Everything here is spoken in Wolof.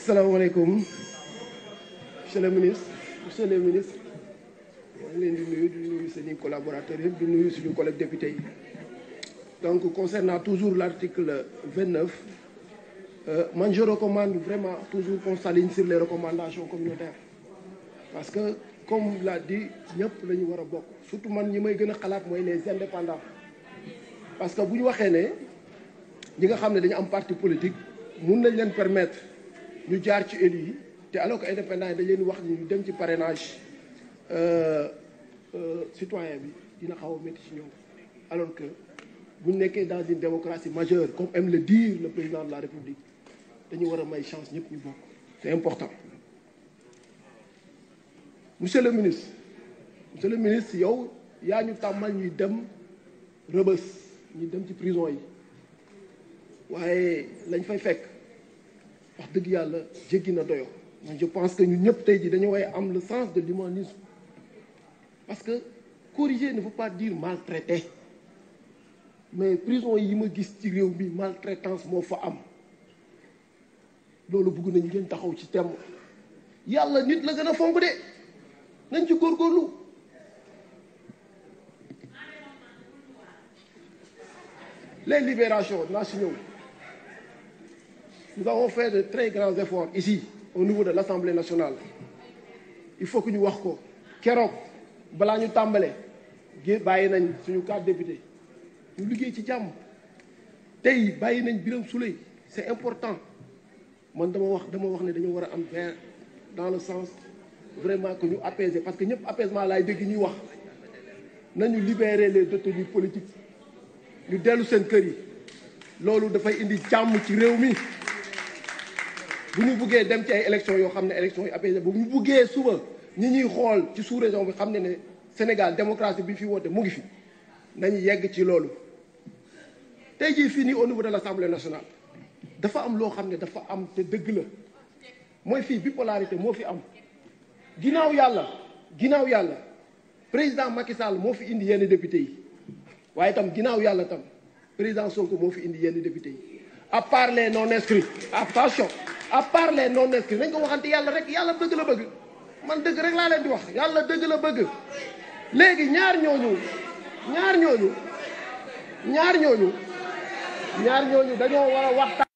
salaamaaleykum monsieur le ministre monsieur le ministre maa ngi leen di nuyu di nuyu seen i collaborateurs yëpp di nuyu suñu collègue député yi donc concernant toujours l'article 29 euh, man je recommande vraiment toujours qu'on s'aligne sur les recommandations communautaires parce que comme l'a dit ñëpp la ñu war a bokk surtout man ñi may gën a xalaat mooy les indépendant parce que bu ñu waxee ne ñi nga xam ne dañu am parti politique mun nañ leen permettre ñu jaar ci élus yi te alors que indépendant yi dañ leen wax ni ñu dem ci parrainage euh, euh, citoyen bi dina xaw a métti ci ñoom alors que bu nekkee dans une démocratie majeure comme aime le dire le président la république dañu war a may chance ñëpp ñu bokk c'est important monsieur le ministre monsieur le ministre yow yaa ñu tàmmal ñuy dem rëbës ñu dem ci prison yi waaye lañ fay fekk wax dëgg yàlla jéggi na doyo man je pense que ñu ñëpp tey ji dañu way am le sens de l'humanisme parce que corriger ne veut pas dire maltraiter mais prison yi ma gis ci réew mi maltraitance moo fa am loolu bugg nañu ngeen taxaw ci temm yàlla nit la gën a fonk de nañ ci góorgóorlu les libérations naa si ñëw Nous avons fait de très grands efforts ici, au niveau de l'Assemblée nationale. Il faut que ñu wax ko keroog balaa ñu tàmbale gé bàyyi nañ suñu quatre députés ñu liggéey ci jàmm tey bàyyi nañ Birame Souleye c'est important man dama wax dama wax ne dañu war a am vers dans le sens vraiment que ñu apaiser parce que ñëpp apaisement laay dégg ñuy wax nañu libérer les détenus politiques ñu dellu seen kër yi loolu dafay indi jàmm ci réew mi bu ñu buggee dem ci ay élections yoo xam ne élections yu apaisées bu ñu buggee suba ñi ñuy xool ci sous-région bi xam ne ne Sénégal démocratie bi fi woote mu ngi fi nañu yegg ci loolu tey jii fii nii au niveau de la l'Assemblée nationale dafa am loo xam ne dafa am te dëgg la mooy fii bipolarité moo fi am ginnaaw yàlla ginnaaw yàlla président Macky Sall moo fi indi yenn député yi waaye itam ginnaaw yàlla tam président Sonko moo fi indi yenn député yi à part les non inscrits attention à part les non inscrits nañ ko waxante yàlla rek yàlla dëgg la bëgg man dëgg rek laa leen di wax yàlla dëgg la bëgg léegi ñaar ñooñu ñaar ñooñu ñaar ñooñu ñaar ñooñu dañoo war a